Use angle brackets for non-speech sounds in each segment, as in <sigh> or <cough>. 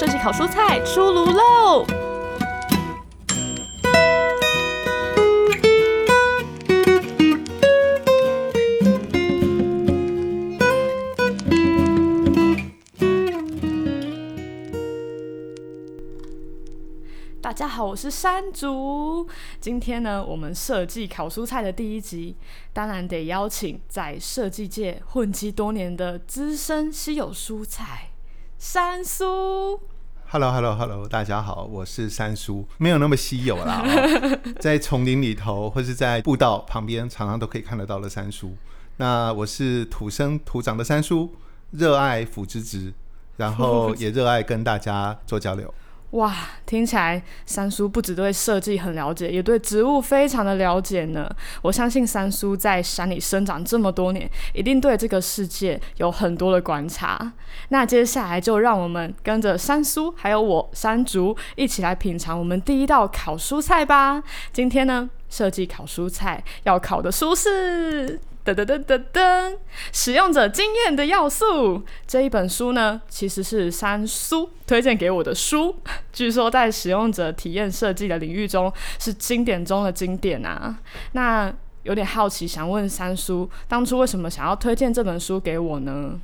設計烤蔬菜出爐嘍！大家好，我是山竹。今天呢，我們設計烤蔬菜的第一集，當然得邀請在設計界混跡多年的資深稀有蔬菜，山蘇。Hello，Hello，Hello，hello, hello, 大家好，我是山蘇，沒有那麼稀有啦、哦， <laughs> 在叢林裡頭或是在步道旁邊，常常都可以看得到的山蘇。那我是土生土長的山蘇，熱愛腐殖質，然後也熱愛跟大家做交流。 <laughs> 哇，聽起來山蘇不只對設計很了解，也對植物非常的了解呢。我相信山蘇在山裡生長這麼多年，一定對這個世界有很多的觀察。那接下來就讓我們跟着山蘇還有我山竹一起來品嘗我們第一道烤蔬菜吧。今天呢，設計烤書菜，要烤的書是，噔噔噔噔噔，使用者經驗的要素。這一本書呢，其實是山蘇推薦給我的書，據說在使用者體驗設計的領域中是經典中的經典啊。那有點好奇，想問山蘇，當初為什麼想要推薦這本書給我呢？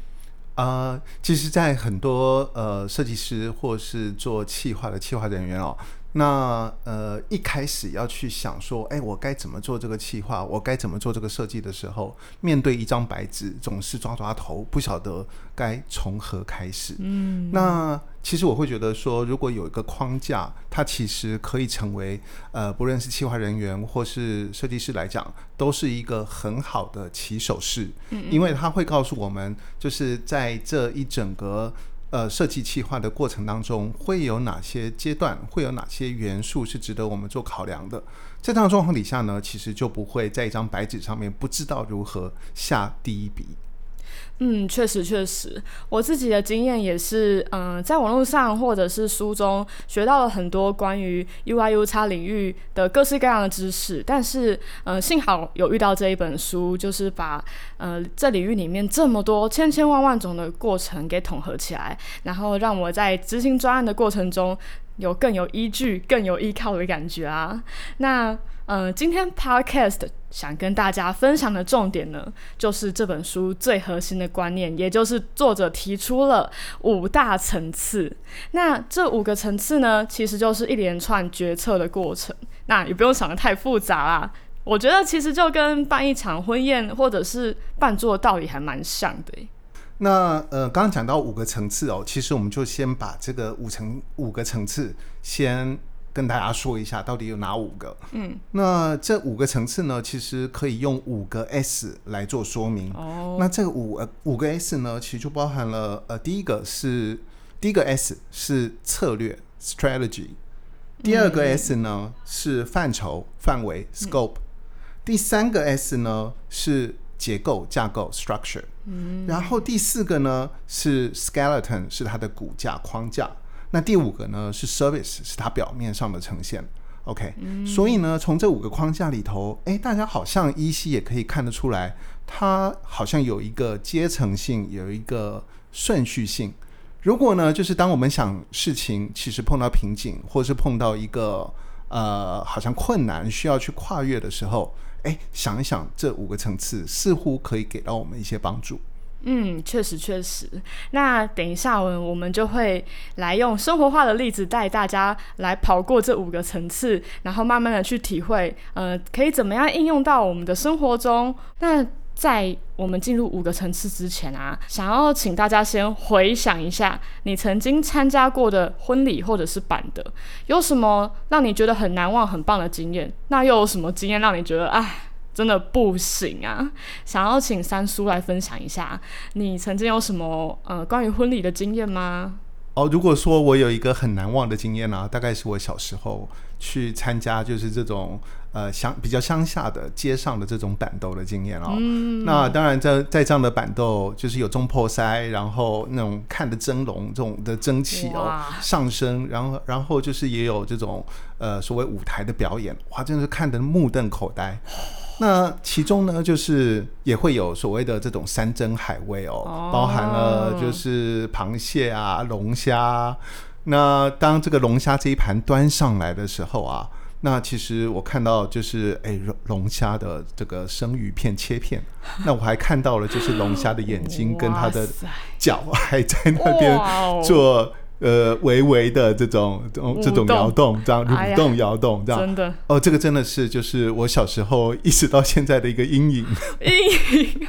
啊、呃，其實，在很多呃設計師或是做企劃的企劃人員哦。那呃，一開始要去想說，哎、欸，我該怎麼做這個企劃，我該怎麼做這個設計的時候，面對一張白紙，總是抓抓頭，不曉得該從何開始。嗯，那其實我會覺得說，如果有一個框架，它其實可以成為呃，不論是企劃人員或是設計師來講，都是一個很好的起手式，嗯嗯，因為它會告訴我們，就是在這一整個。呃，設計企劃的過程當中會有哪些階段，會有哪些元素是值得我們做考量的？這樣狀況底下呢，其實就不會在一張白紙上面不知道如何下第一筆。嗯，確實確實，我自己的經驗也是，嗯、呃，在網絡上或者是書中學到了很多關於 UIUX 領域的各式各樣的知識，但是，嗯、呃，幸好有遇到這一本書，就是把，呃，這領域裡面這麼多千千萬萬種的過程給統合起來，然後讓我在執行專案的過程中有更有依據、更有依靠的感覺啊，那。嗯、呃，今天 podcast 想跟大家分享的重點呢，就是這本書最核心的觀念，也就是作者提出了五大層次。那這五個層次呢，其實就是一連串決策的過程。那也不用想得太複雜啦，我覺得其實就跟辦一場婚宴或者是辦桌道理還蠻像的，欸。那呃，剛剛講到五個層次哦，其實我們就先把這個五層五個層次先。跟大家說一下，到底有哪五個？嗯，那這五個層次呢，其實可以用五個 S 來做說明。哦、嗯，那這五五個 S 呢，其實就包含了呃，第一個是第一個 S 是策略 （strategy），第二個 S 呢是範疇範圍 （scope），第三個 S 呢是結構架構 （structure），嗯，然後第四個呢是 skeleton，是它的骨架框架。那第五個呢是 surface，是它表面上的呈現，OK、嗯。所以呢，從這五個框架裡頭，誒、欸，大家好像依稀也可以看得出來，它好像有一個階層性，有一個順序性。如果呢，就是當我們想事情，其實碰到瓶頸，或是碰到一個呃好像困難需要去跨越的時候，哎、欸，想一想這五個層次，似乎可以給到我們一些幫助。嗯，確實確實。那等一下，我們我們就會來用生活化的例子帶大家來跑過這五個層次，然後慢慢的去體會，呃，可以怎麼樣應用到我們的生活中。那在我們進入五個層次之前啊，想要請大家先回想一下你曾經參加過的婚禮或者是版的，有什麼讓你覺得很難忘，很棒的經驗？那又有什麼經驗讓你覺得哎？唉真的不行啊！想要請山蘇來分享一下，你曾經有什麼呃，關於婚禮的經驗嗎？哦，如果說我有一個很難忘的經驗啊，大概是我小時候去參加，就是這種呃鄉比較鄉下的街上的這種辦桌的經驗哦、喔。嗯、那當然在，在在這樣的辦桌，就是有總鋪師，然後那種看的蒸籠這種的蒸汽哦、喔、哇上升，然後然後就是也有這種呃所謂舞台的表演，哇，真的是看得目瞪口呆。那其中呢，就是也會有所謂的這種山珍海味哦、喔，包含了就是螃蟹啊、龍蝦。那當這個龍蝦這一盤端上來的時候啊，那其實我看到就是誒，龍龍蝦的這個生魚片切片，那我還看到了就是龍蝦的眼睛跟它的腳還在那邊做。呃，微微的這種這種搖動，這樣蠕動搖動，這樣。哎、真的哦，這個真的是就是我小時候一直到現在的一個陰影。陰影，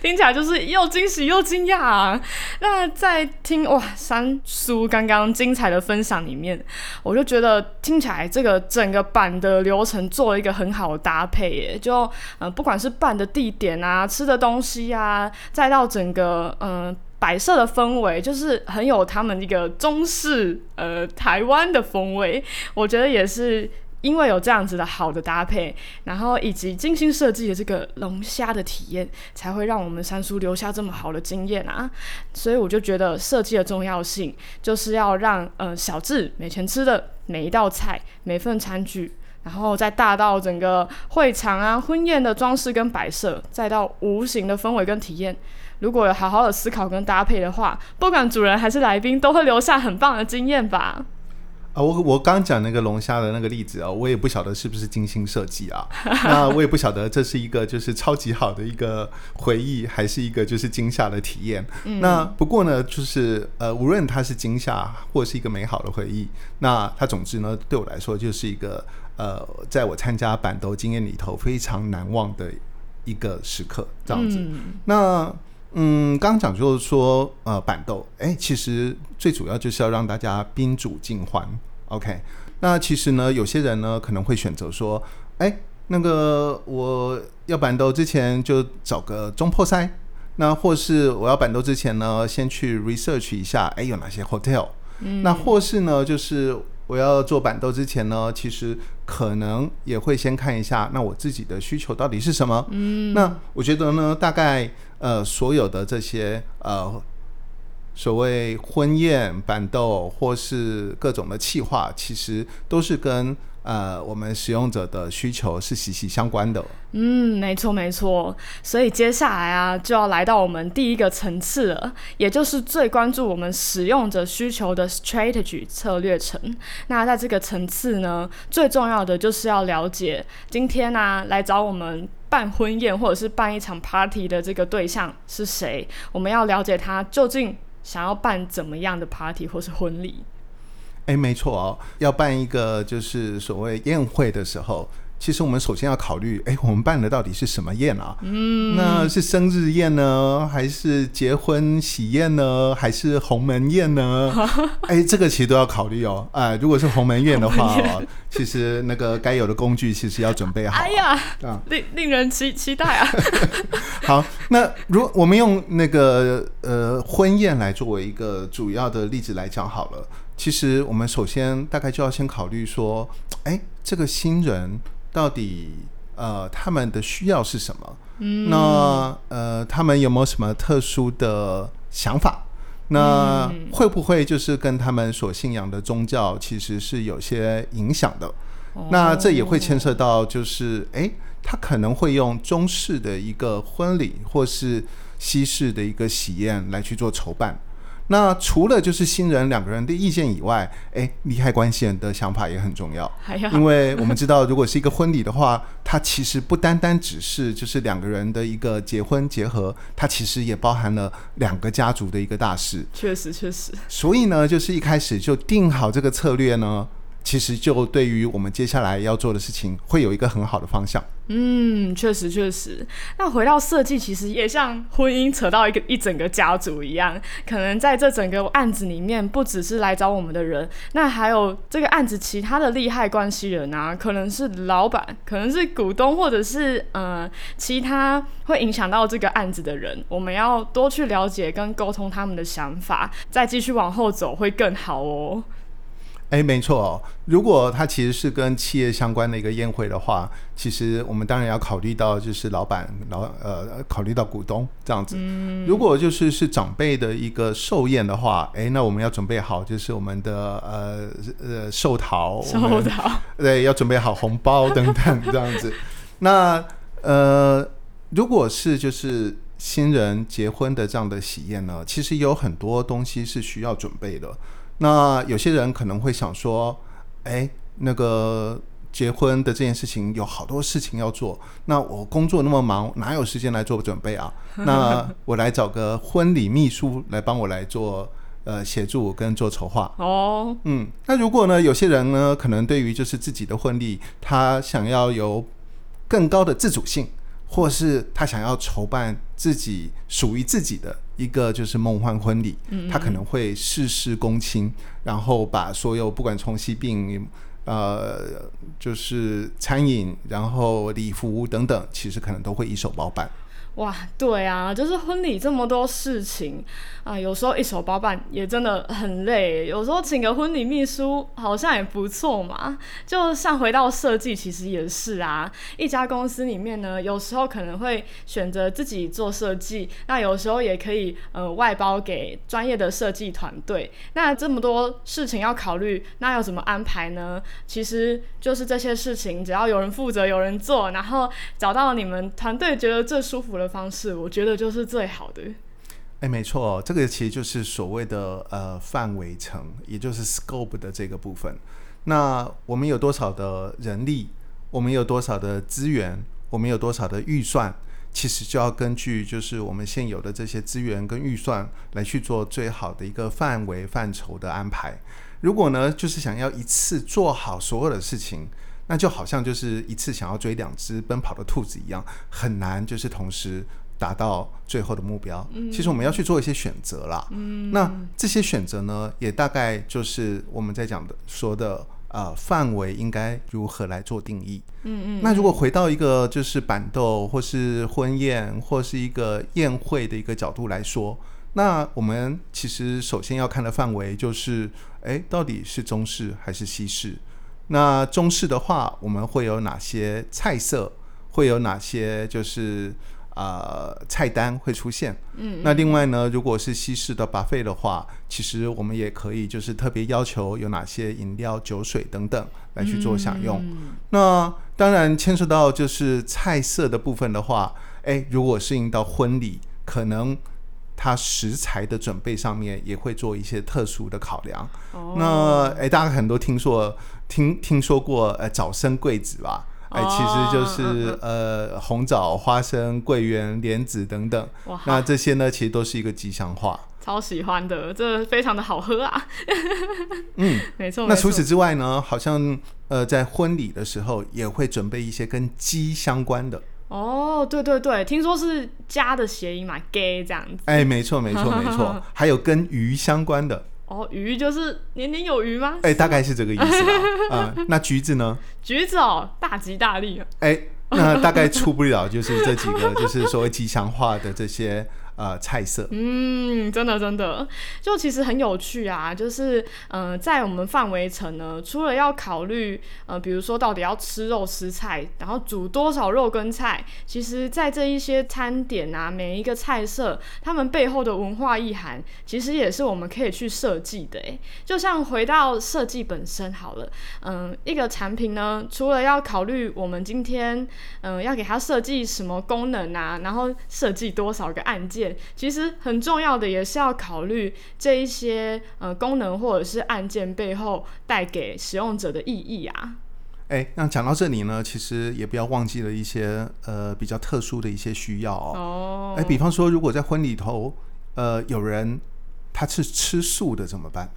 聽起來就是又驚喜又驚訝啊！那在聽哇，山蘇剛剛精彩的分享裡面，我就覺得聽起來這個整個版的流程做了一個很好的搭配耶，就嗯、呃，不管是辦的地點啊，吃的東西啊，再到整個嗯。呃擺設的氛圍就是很有他們一個中式呃台灣的風味，我覺得也是因為有這樣子的好的搭配，然後以及精心設計的這個龍蝦的體驗，才會讓我們山蘇留下這麼好的經驗啊！所以我就覺得設計的重要性就是要讓呃小至每天吃的每一道菜、每份餐具，然後再大到整個會場啊婚宴的裝飾跟擺設，再到無形的氛圍跟體驗。如果有好好的思考跟搭配的話，不管主人還是來賓，都會留下很棒的經驗吧。啊，呃、我我剛講那個龍蝦的那個例子啊，我也不曉得是不是精心設計啊。 <laughs> 那我也不曉得這是一個就是超級好的一個回憶，還是一個就是驚嚇的體驗。那不過呢，就是呃，無論它是驚嚇或是一個美好的回憶，那它總之呢，對我來說就是一個呃，在我參加辦桌經驗裡頭非常難忘的一個時刻，這樣子。嗯、那嗯，剛剛講就是說，呃，辦桌，哎、欸，其實最主要就是要讓大家賓主盡歡，OK？那其實呢，有些人呢可能會選擇說，哎、欸，那個我要辦桌之前就找個總舖師，那或是我要辦桌之前呢，先去 research 一下，哎、欸，有哪些 hotel，嗯、那或是呢，就是。我要做板豆之前呢，其實可能也會先看一下，那我自己的需求到底是什麼。嗯，那我覺得呢，大概呃，所有的這些呃，所謂婚宴板豆或是各種的企劃，其實都是跟。呃，我們使用者的需求是息息相關的。嗯，沒錯沒錯。所以接下來啊，就要來到我們第一個層次了，也就是最關注我們使用者需求的 strategy 策略層。那在這個層次呢，最重要的就是要了解今天呢，啊，來找我們辦婚宴或者是辦一場 party 的這個對象是誰？我們要了解他究竟想要辦怎麼樣的 party 或是婚禮。哎，沒錯哦，要辦一個就是所謂宴會的時候，其實我們首先要考慮，哎，我們辦的到底是什麼宴啊？嗯，那是生日宴呢，還是結婚喜宴呢，還是鴻門宴呢？ <laughs> 哎，這個其實都要考慮哦。哎，如果是鴻門宴的話哦， <laughs> 其實那個該有的工具其實要準備好。 <laughs> 哎呀，令、啊、令人期期待啊 <laughs> 好，那如果我們用那個呃婚宴來作為一個主要的例子來講好了。其實我們首先大概就要先考慮說，哎，這個新人到底呃他們的需要是什麼？嗯，那呃他們有沒有什麼特殊的想法？那會不會就是跟他們所信仰的宗教其實是有些影響的？嗯、那這也會牽涉到就是，誒，他可能會用中式的一個婚禮，或是西式的一個喜宴來去做籌辦。那除了就是新人兩個人的意見以外，哎、欸，利害關係人的想法也很重要，還要因為我們知道，如果是一個婚禮的話， <laughs> 它其實不單單只是就是兩個人的一個結婚結合，它其實也包含了兩個家族的一個大事。確實，確實。所以呢，就是一開始就定好這個策略呢，其實就對於我們接下來要做的事情，會有一個很好的方向。嗯，確實，確實。那回到設計，其實也像婚姻扯到一個一整個家族一樣，可能在這整個案子裡面，不只是來找我們的人，那還有這個案子其他的利害的關係人啊，可能是老闆，可能是股東，或者是嗯、呃，其他會影響到這個案子的人，我們要多去了解跟溝通他們的想法，再繼續往後走會更好哦。哎，欸、沒錯。如果它其實是跟企業相關的一個宴會的話，其實我們當然要考慮到，就是老闆老呃，考慮到股東這樣子。嗯、如果就是是長輩的一個壽宴的話，哎、欸，那我們要準備好，就是我們的呃呃壽桃，壽桃，對，要準備好紅包等等這樣子。 <laughs> 那呃，如果是就是新人結婚的這樣的喜宴呢，其實有很多東西是需要準備的。那有些人可能會想說，哎，那個結婚的這件事情有好多事情要做，那我工作那麼忙，哪有時間來做準備啊？那我來找個婚禮秘書來幫我來做，呃，協助跟做籌劃。哦，嗯，那如果呢，有些人呢，可能對於就是自己的婚禮，他想要有更高的自主性。或是他想要籌辦自己屬於自己的一個就是夢幻婚禮，嗯嗯，他可能會事事躬親，然後把所有不管從喜餅、呃，就是餐飲、然後禮服等等，其實可能都會一手包辦。哇，對啊，就是婚禮這麼多事情啊，呃，有時候一手包辦也真的很累。有時候請個婚禮秘書好像也不錯嘛。就像回到設計，其實也是啊，一家公司裡面呢，有時候可能會選擇自己做設計，那有時候也可以呃外包給專業的設計團隊。那這麼多事情要考慮，那要怎麼安排呢？其實就是這些事情，只要有人負責，有人做，然後找到你們團隊覺得最舒服的方式我覺得就是最好的。誒，沒錯哦，這個其實就是所謂的呃範圍層，也就是 scope 的這個部分。那我們有多少的人力，我們有多少的資源，我們有多少的預算，其實就要根據就是我們現有的這些資源跟預算來去做最好的一個範圍範疇的安排。如果呢，就是想要一次做好所有的事情。那就好像就是一次想要追兩隻奔跑的兔子一樣，很難就是同時達到最後的目標。其實我們要去做一些選擇啦，那這些選擇呢，也大概就是我們在講的說的呃範圍應該如何來做定義。嗯嗯。那如果回到一個就是辦桌或是婚宴或是一個宴會的一個角度來說，那我們其實首先要看的範圍就是，哎，到底是中式還是西式？那中式的話，我們會有哪些菜色？會有哪些就是呃菜單會出現？嗯,嗯，那另外呢，如果是西式的 buffet 的話，其實我們也可以就是特別要求有哪些飲料、酒水等等來去做享用。嗯嗯那當然牽涉到就是菜色的部分的話，誒、欸，如果適應到婚禮，可能。它食材的準備上面也會做一些特殊的考量、oh。那哎、欸，大家很多聽說聽聽說過呃，早生貴子吧？哎、oh 欸，其實就是嗯嗯呃，紅棗、花生、桂圓、蓮子等等。哇哈那這些呢，其實都是一個吉祥話。超喜歡的，這非常的好喝啊。 <laughs> 嗯，沒錯。那除此之外呢，好像呃，在婚禮的時候也會準備一些跟雞相關的。哦，對對對，聽說是家的諧音嘛，gay 這樣子。哎，沒錯沒錯沒錯，還有跟魚相關的。哦，魚就是年年有餘嗎？哎，大概是這個意思啊、哦。 <laughs> 嗯，那橘子呢？橘子哦，大吉大利。哎，那大概出不了就是這幾個，就是所謂吉祥話的這些。呃，菜色，嗯，真的，真的，就其實很有趣啊，就是，呃，在我們範圍層呢，除了要考慮，呃，比如說到底要吃肉吃菜，然後煮多少肉跟菜，其實，在這一些餐點啊，每一個菜色，他們背後的文化意涵，其實也是我們可以去設計的，就像回到設計本身好了，嗯、呃，一個產品呢，除了要考慮我們今天，嗯、呃，要給它設計什麼功能啊，然後設計多少個按鍵。其實很重要的也是要考慮這一些呃功能或者是按鍵背後帶給使用者的意義啊。哎、欸，那講到這裡呢，其實也不要忘記了一些呃比較特殊的一些需要哦、喔。誒、oh. 欸，比方說，如果在婚禮頭呃有人他是吃素的怎麼辦？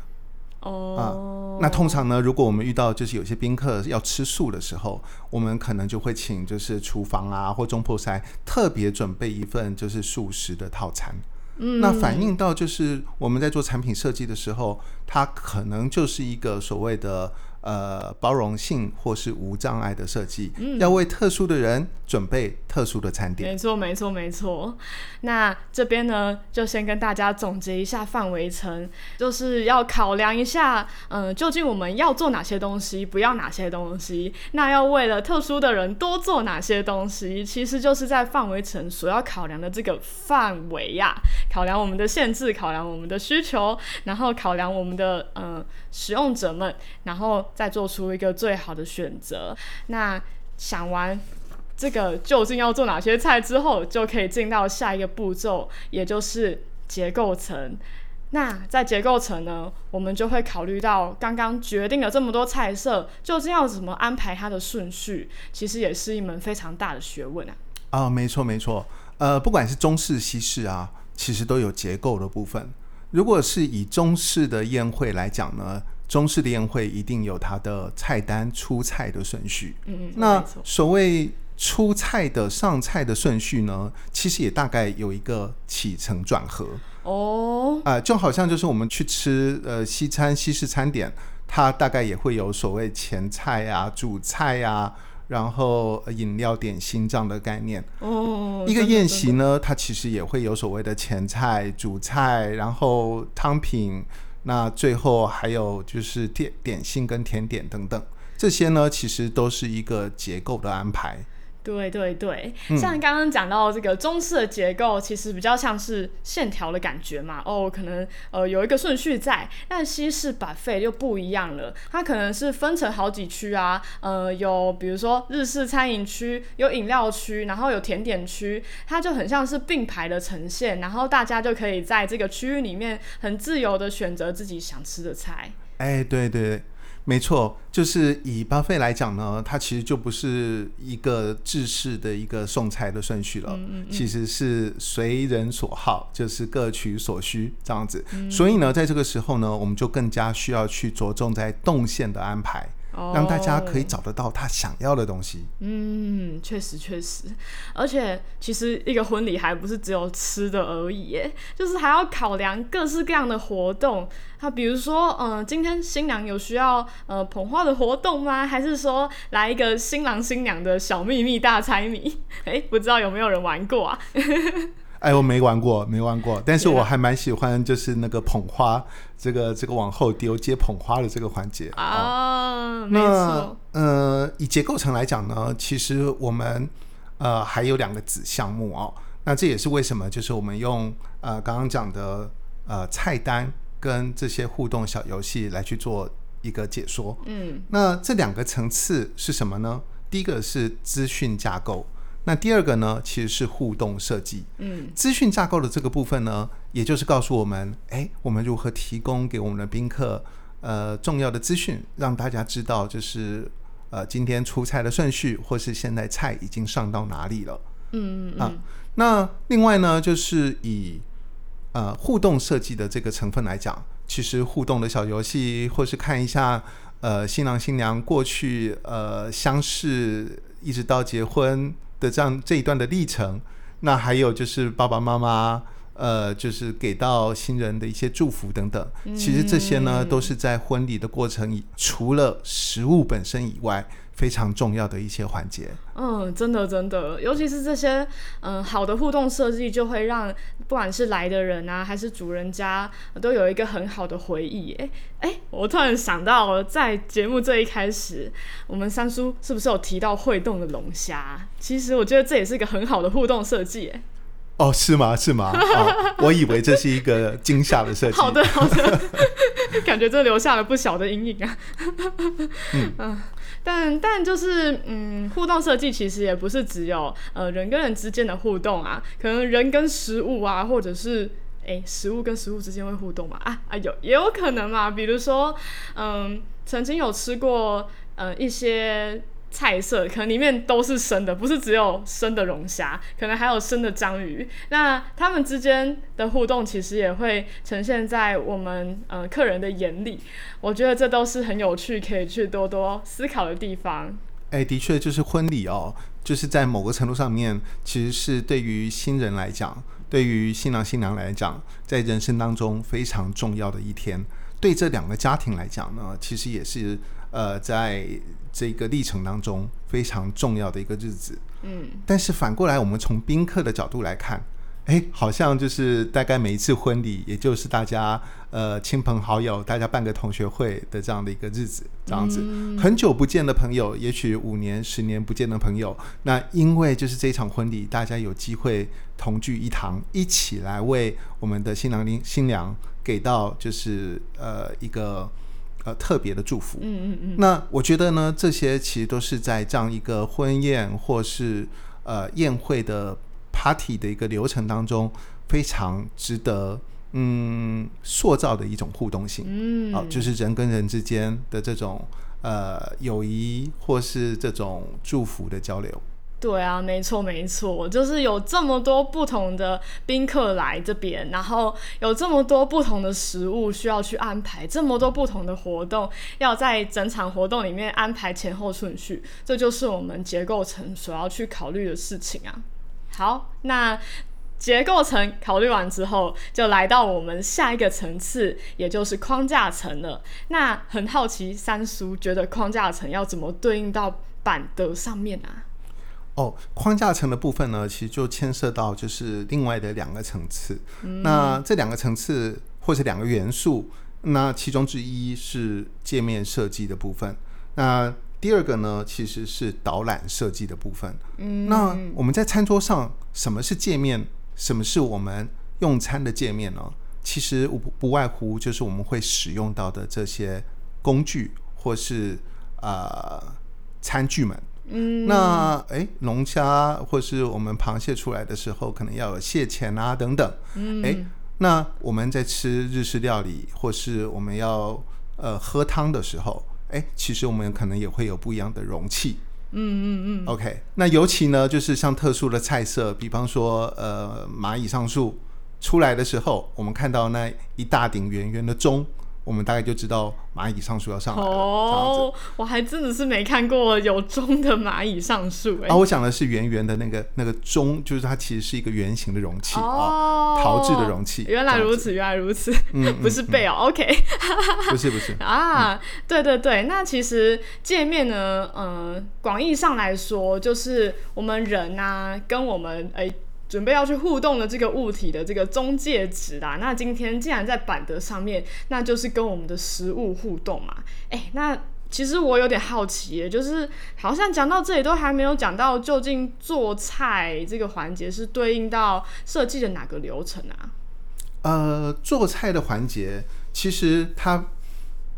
哦、啊，那通常呢，如果我們遇到就是有些賓客要吃素的時候，我們可能就會請就是廚房啊或中破塞特別準備一份就是素食的套餐。嗯，那反映到就是我們在做產品設計的時候，它可能就是一個所謂的。呃，包容性或是無障礙的設計，嗯、要為特殊的人準備特殊的餐點。沒錯，沒錯，沒錯。那這邊呢，就先跟大家總結一下範圍層，就是要考量一下，嗯、呃，究竟我們要做哪些東西，不要哪些東西。那要為了特殊的人多做哪些東西，其實就是在範圍層所要考量的這個範圍呀，考量我們的限制，考量我們的需求，然後考量我們的嗯。呃使用者們，然後再做出一個最好的選擇。那想完這個究竟要做哪些菜之後，就可以進到下一個步驟，也就是結構層。那在結構層呢，我們就會考慮到剛剛決定了這麼多菜色，究竟要怎麼安排它的順序，其實也是一門非常大的學問啊。啊、哦，沒錯沒錯。呃，不管是中式西式啊，其實都有結構的部分。如果是以中式的宴會來講呢，中式的宴會一定有它的菜單出菜的順序。嗯嗯。那所謂出菜的上菜的順序呢，其實也大概有一個起承轉合。哦。啊，就好像就是我們去吃呃西餐西式餐點，它大概也會有所謂前菜呀、啊、主菜呀、啊。然後飲料、點心這樣的概念，一個宴席呢，它其實也會有所謂的前菜、主菜，然後湯品，那最後還有就是點點心跟甜點等等，這些呢其實都是一個結構的安排。對對對，像剛剛講到這個中式的結構，其實比較像是線條的感覺嘛。哦，可能呃有一個順序在，但西式 buffet 就不一樣了，它可能是分成好幾區啊，呃有比如說日式餐飲區，有飲料區，然後有甜點區，它就很像是並排的呈現，然後大家就可以在這個區域裡面很自由的選擇自己想吃的菜。哎，對對，對。沒錯，就是以巴菲來講呢，它其實就不是一個制式的一個送菜的順序了，嗯嗯嗯，其實是隨人所好，就是各取所需這樣子。嗯嗯，所以呢，在這個時候呢，我們就更加需要去着重在動線的安排。讓大家可以找得到他想要的東西。Oh, 嗯，確實確實，而且其實一個婚禮還不是只有吃的而已，就是還要考量各式各樣的活動。他、啊、比如說，嗯、呃，今天新娘有需要呃捧花的活動嗎？還是說來一個新郎新娘的小秘密大猜謎、欸？不知道有沒有人玩過啊？ <laughs> 哎，我沒玩過，沒玩過，但是我還蠻喜歡就是那個捧花，Yeah. 這個這個往後丟接捧花的這個環節啊。Oh. Oh. 嗯、那呃，以結構層來講呢，其實我們呃還有兩個子項目哦。那這也是為什麼，就是我們用呃剛剛講的呃菜單跟這些互動小遊戲來去做一個解說。嗯，那這兩個層次是什麼呢？第一個是資訊架構，那第二個呢其實是互動設計。嗯，資訊架構的這個部分呢，也就是告訴我們，誒、欸，我們如何提供給我們的賓客。呃，重要的資訊讓大家知道，就是呃，今天出菜的順序，或是現在菜已經上到哪裡了。嗯嗯啊，那另外呢，就是以呃互動設計的這個成分來講，其實互動的小遊戲，或是看一下呃新郎新娘過去呃相識一直到結婚的這樣這一段的歷程，那還有就是爸爸媽媽。呃，就是給到新人的一些祝福等等，嗯、其實這些呢都是在婚禮的過程以除了食物本身以外非常重要的一些環節。嗯，真的真的，尤其是這些嗯、呃、好的互動設計，就會讓不管是來的人啊，還是主人家，都有一個很好的回憶。哎、欸欸、我突然想到了，在節目這一開始，我們山蘇是不是有提到會動的龍蝦？其實我覺得這也是一個很好的互動設計。哦，是嗎？是嗎？ <laughs> 哦、我以為這是一個驚嚇的設計。好的，好的， <laughs> 感覺這留下了不小的陰影啊。 <laughs> 嗯，嗯，但但就是，嗯，互動設計其實也不是只有呃人跟人之間的互動啊，可能人跟食物啊，或者是哎、欸、食物跟食物之間會互動嘛？啊啊，有也有可能嘛。比如說，嗯，曾經有吃過呃一些。菜色可能裡面都是生的，不是只有生的龍蝦，可能還有生的章魚。那他們之間的互動其實也會呈現在我們呃客人的眼裡。我覺得這都是很有趣，可以去多多思考的地方。欸，的確就是婚禮哦，就是在某個程度上面，其實是對於新人來講，對於新郎新娘來講，在人生當中非常重要的一天。對這兩個家庭來講呢，其實也是。呃，在這個歷程當中非常重要的一個日子，嗯，但是反過來，我們從賓客的角度來看，哎，好像就是大概每一次婚禮，也就是大家呃親朋好友，大家辦個同學會的這樣的一個日子，這樣子，很久不見的朋友，也許五年、十年不見的朋友，那因為就是這場婚禮，大家有機會同聚一堂，一起來為我們的新郎、新娘給到就是呃一個。呃，特別的祝福。嗯嗯嗯。那我覺得呢，這些其實都是在這樣一個婚宴或是呃宴會的 party 的一個流程當中，非常值得嗯塑造的一種互動性。嗯，好、啊，就是人跟人之間的這種呃友誼或是這種祝福的交流。對啊，沒錯沒錯，就是有這麼多不同的賓客來這邊，然後有這麼多不同的食物需要去安排，這麼多不同的活動要在整場活動裡面安排前後順序，這就是我們結構層所要去考慮的事情啊。好，那結構層考慮完之後，就來到我們下一個層次，也就是框架層了。那很好奇，山蘇覺得框架層要怎麼對應到板的上面啊？哦，oh, 框架層的部分呢，其實就牽涉到就是另外的兩個層次。嗯，那這兩個層次或者兩個元素，那其中之一是界面設計的部分。那第二個呢，其實是導覽設計的部分。嗯，那我們在餐桌上，什麼是界面？什麼是我們用餐的界面呢？其實不，不外乎就是我們會使用到的這些工具或是呃餐具們。嗯、那誒，龍蝦或是我們螃蟹出來的時候，可能要有蟹鉗啊等等。嗯誒，那我們在吃日式料理或是我們要呃喝湯的時候，誒，其實我們可能也會有不一樣的容器。嗯嗯嗯。嗯嗯 OK，那尤其呢，就是像特殊的菜色，比方說呃螞蟻上樹出來的時候，我們看到那一大頂圓圓的鐘。我們大概就知道螞蟻上樹要上來了，oh。哦，我還真的是沒看過有鐘的螞蟻上樹哎、欸。啊、哦，我想的是圓圓的那個那個鐘，就是它其實是一個圓形的容器，oh, 哦，陶製的容器。原來如此，原來如此，嗯嗯、不是杯哦、嗯、OK。 <laughs> 不是不是啊，嗯、對對對，那其實介面呢，嗯、呃，廣義上來說，就是我們人啊，跟我們、欸準備要去互動的這個物體的這個中介值啦。那今天既然在板的上面，那就是跟我們的食物互動嘛。誒、欸，那其實我有點好奇，就是好像講到這裡都還沒有講到，究竟做菜這個環節是對應到設計的哪個流程啊？呃，做菜的環節其實它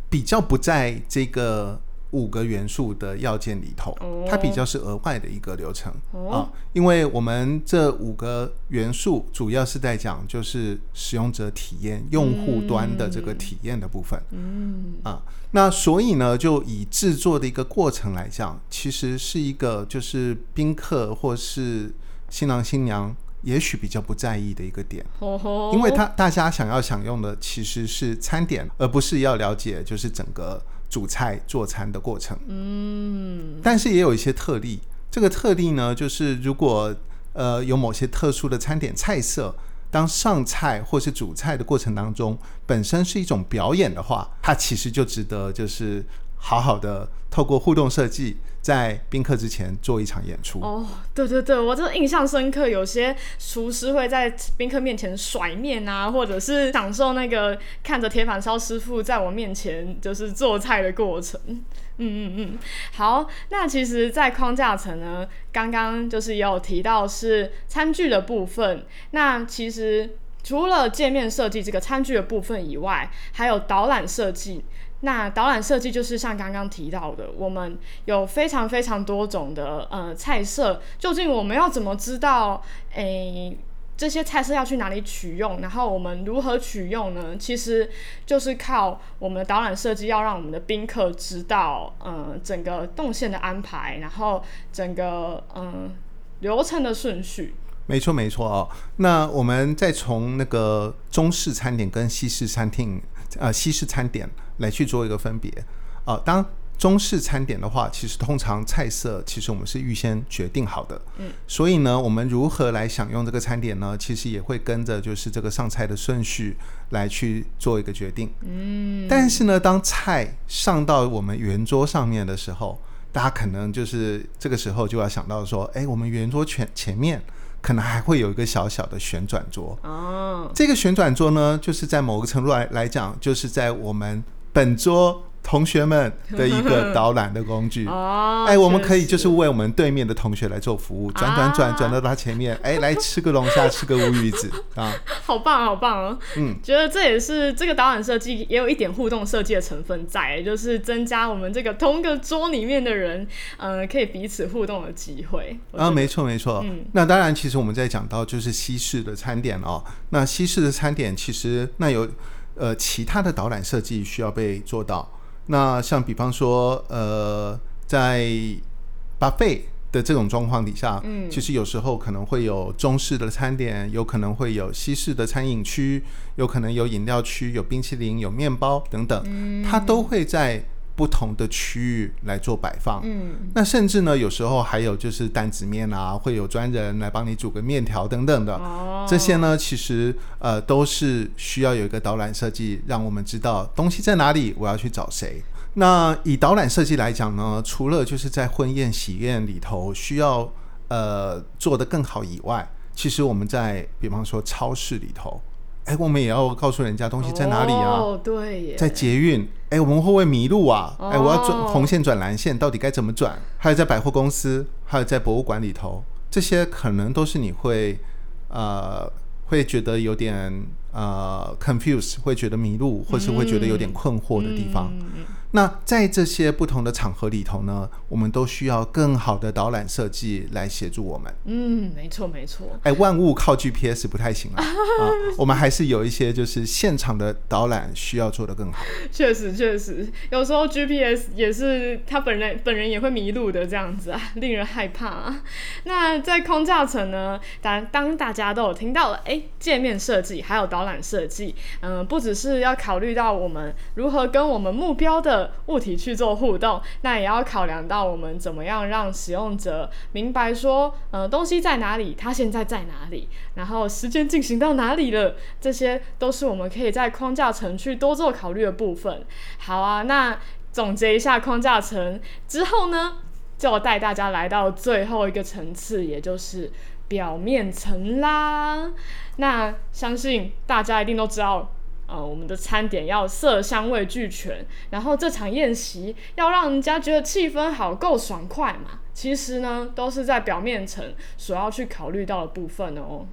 比較不在這個。五個元素的要件裡頭，它比較是額外的一個流程 oh. Oh. 啊，因為我們這五個元素主要是在講就是使用者體驗、用戶端的這個體驗的部分。Mm. 啊，那所以呢，就以制作的一個過程來講，其實是一個就是賓客或是新郎新娘也許比較不在意的一個點，oh. 因為他大家想要享用的其實是餐點，而不是要了解就是整個。煮菜做餐的過程，嗯，但是也有一些特例，這個特例呢，就是如果呃有某些特殊的餐點菜色，當上菜或是煮菜的過程當中，本身是一種表演的話，它其實就值得就是好好的透過互動設計。在賓客之前做一場演出哦，oh, 對對對，我真的印象深刻。有些廚師會在賓客面前甩麵啊，或者是享受那個看着鐵板燒師傅在我面前就是做菜的過程。嗯嗯嗯，好，那其實，在框架層呢，剛剛就是也有提到是餐具的部分。那其實除了界面設計這個餐具的部分以外，還有導覽設計。那導覽設計就是像剛剛提到的，我們有非常非常多種的呃菜色，究竟我們要怎麼知道？哎、欸，這些菜色要去哪裡取用？然後我們如何取用呢？其實就是靠我們的導覽設計，要讓我們的賓客知道，呃，整個動線的安排，然後整個嗯、呃、流程的順序。沒錯沒錯哦。那我們再從那個中式餐廳跟西式餐廳。呃，西式餐點來去做一個分別啊。當中式餐點的話，其實通常菜色其實我們是預先決定好的，嗯。所以呢，我們如何來享用這個餐點呢？其實也會跟着就是這個上菜的順序來去做一個決定，嗯。但是呢，當菜上到我們圓桌上面的時候，大家可能就是這個時候就要想到說，欸，我們圓桌前前面。可能還會有一個小小的旋轉桌哦，這個旋轉桌呢，就是在某個程度來來講，就是在我們本桌。同學們的一個導覽的工具 <laughs> 哦，哎、欸，我們可以就是為我們對面的同學來做服務，轉轉轉轉到他前面，哎、 <laughs> 欸，來吃個龍蝦， <laughs> 吃個烏魚子啊，好棒好棒哦！嗯，覺得這也是這個導覽設計也有一點互動設計的成分在，就是增加我們這個同個桌裡面的人，嗯、呃，可以彼此互動的機會。啊，沒錯沒錯。嗯，那當然，其實我們在講到就是西式的餐點哦，那西式的餐點其實那有呃其他的導覽設計需要被做到。那像比方說，呃，在 buffet 的這種狀況底下，嗯、其實有時候可能會有中式的餐點，有可能會有西式的餐飲區，有可能有飲料區，有冰淇淋，有麵包等等，它都會在。不同的區域來做擺放，嗯，那甚至呢，有時候還有就是擔仔麵啊，會有專人來幫你煮個麵條等等的，這些呢，其實呃都是需要有一個導覽設計，讓我們知道東西在哪裡，我要去找誰。那以導覽設計來講呢，除了就是在婚宴喜宴裡頭需要呃做得更好以外，其實我們在比方說超市裡頭。哎、欸，我們也要告訴人家東西在哪裡啊？Oh, 對耶，在捷運，哎、欸，我們會不會迷路啊？哎、oh. 欸，我要轉紅線轉藍線，到底該怎麼轉？還有在百貨公司，還有在博物館裡頭，這些可能都是你會呃會覺得有點呃 confused，會覺得迷路，或是會覺得有點困惑的地方。嗯嗯。那在這些不同的場合裡頭呢，我們都需要更好的導覽設計來協助我們。嗯，沒錯沒錯。哎、欸，萬物靠 GPS 不太行了、 <laughs> 啊，我們還是有一些就是現場的導覽需要做的更好。確實確實，有時候 GPS 也是他本人本人也會迷路的這樣子啊，令人害怕啊。那在框架層呢，當當大家都有聽到了，哎、欸，界面設計還有導覽設計，嗯、呃，不只是要考慮到我們如何跟我們目標的。物體去做互動，那也要考量到我們怎麼樣讓使用者明白說，呃，東西在哪裡，它現在在哪裡，然後時間進行到哪裡了，這些都是我們可以在框架層去多做考慮的部分。好啊，那總結一下框架層之後呢，就帶大家來到最後一個層次，也就是表面層啦。那相信大家一定都知道，呃，我們的餐點要色香味俱全，然後這場宴席要讓人家覺得氣氛好，夠爽快嘛？其實呢，都是在表面層所要去考慮到的部分哦。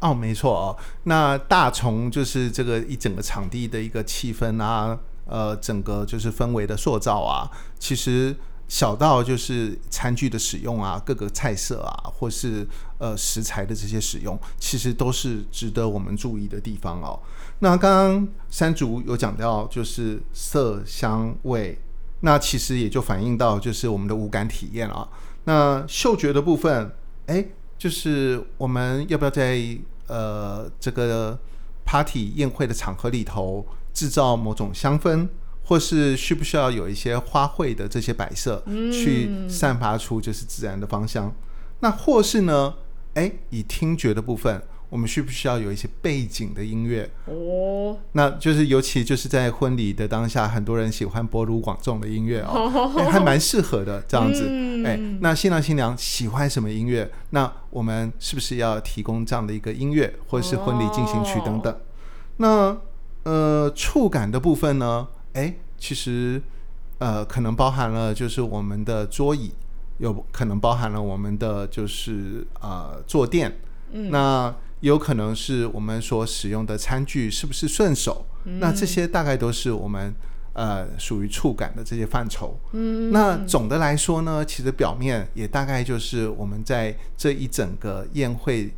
哦，沒錯哦。那大到就是這個一整個場地的一個氣氛啊，呃，整個就是氛圍的塑造啊。其實小到就是餐具的使用啊，各個菜色啊，或是呃食材的這些使用，其實都是值得我們注意的地方哦。那剛剛山竹有講到，就是色香味，那其實也就反映到就是我們的五感體驗了啊。那嗅覺的部分，哎，就是我們要不要在呃這個 party 宴會的場合裡頭製造某種香氛，或是需不需要有一些花卉的這些擺設去散發出就是自然的芳香？嗯。那或是呢，哎，以聽覺的部分。我們需不需要有一些背景的音樂？哦，oh. 那就是尤其就是在婚禮的當下，很多人喜歡博如廣眾的音樂哦。Oh. 哎，還蠻適合的這樣子。Mm. 哎，那新郎新娘喜歡什麼音樂？那我們是不是要提供這樣的一個音樂，或者是婚禮進行曲等等？Oh. 那呃，觸感的部分呢？哎，其實呃，可能包含了就是我們的桌椅，有可能包含了我們的就是呃坐墊，mm. 那。有可能是我們所使用的餐具是不是順手，嗯、那這些大概都是我們呃屬於觸感的這些範疇。嗯、那總的來說呢，其實表面也大概就是我們在這一整個宴會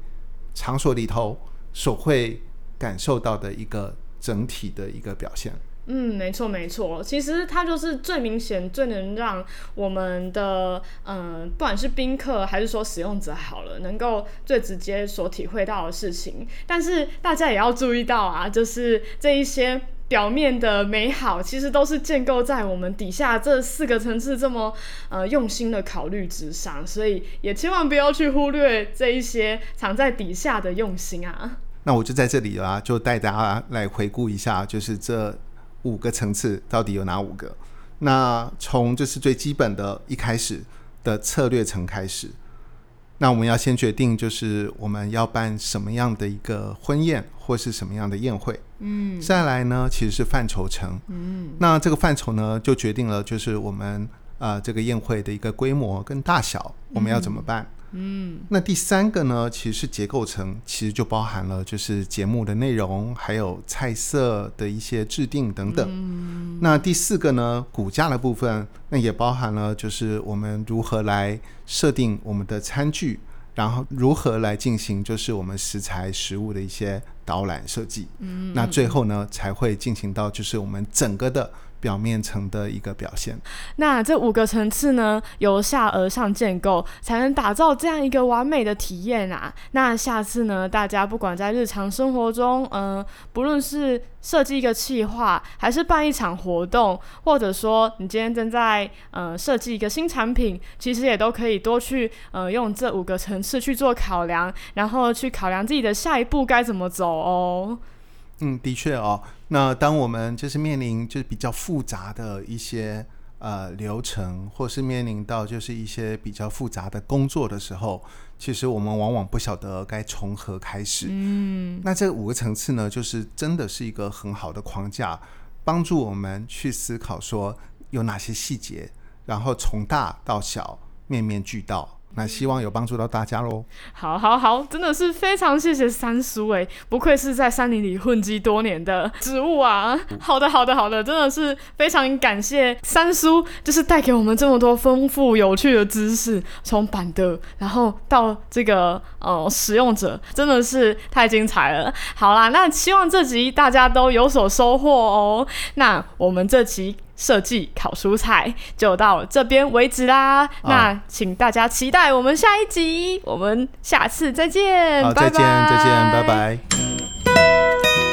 場所裡頭所會感受到的一個整體的一個表現。嗯，沒錯沒錯，其實它就是最明顯、最能讓我們的呃，不管是賓客還是說使用者好了，能夠最直接所體會到的事情。但是大家也要注意到啊，就是這一些表面的美好，其實都是建構在我們底下這四個層次這麼呃用心的考慮之上，所以也千萬不要去忽略這一些藏在底下的用心啊。那我就在這裡啦啊，就帶大家來回顧一下，就是這。五個層次到底有哪五個？那從就是最基本的一開始的策略層開始，那我們要先決定就是我們要辦什麼樣的一個婚宴，或是什麼樣的宴會。嗯，再來呢，其實是範疇層。嗯，那這個範疇呢，就決定了就是我們啊、呃，這個宴會的一個規模跟大小，我們要怎麼辦？嗯嗯，那第三個呢，其實是結構層，其實就包含了就是節目的內容，還有菜色的一些制定等等。嗯，那第四個呢，骨架的部分，那也包含了就是我們如何來設定我們的餐具，然後如何來進行就是我們食材食物的一些導覽設計。嗯，那最後呢，才會進行到就是我們整個的。表面層的一個表現。那這五個層次呢，由下而上建構，才能打造這樣一個完美的體驗啊。那下次呢，大家不管在日常生活中，嗯、呃，不論是設計一個企劃，還是辦一場活動，或者說你今天正在嗯，呃，設計一個新產品，其實也都可以多去呃用這五個層次去做考量，然後去考量自己的下一步該怎麼走哦。嗯，的確哦。那當我們就是面臨就是比較複雜的一些呃流程，或是面臨到就是一些比較複雜的工作的時候，其實我們往往不曉得該從何開始。嗯，那這五個層次呢，就是真的是一個很好的框架，幫助我們去思考說有哪些細節，然後從大到小，面面俱到。那希望有幫助到大家嘍！好，好，好，真的是非常謝謝山蘇，誒、欸，不愧是在山林裡混跡多年的植物啊！好的，好的，好的，真的是非常感謝山蘇，就是帶給我們這麼多豐富有趣的知識，從板的，然後到這個呃使用者，真的是太精彩了。好啦，那希望這集大家都有所收穫哦、喔。那我們這集。設計烤書菜就到這邊為止啦，哦、那請大家期待我們下一集，我們下次再見，哦、拜拜再見，再見，拜拜。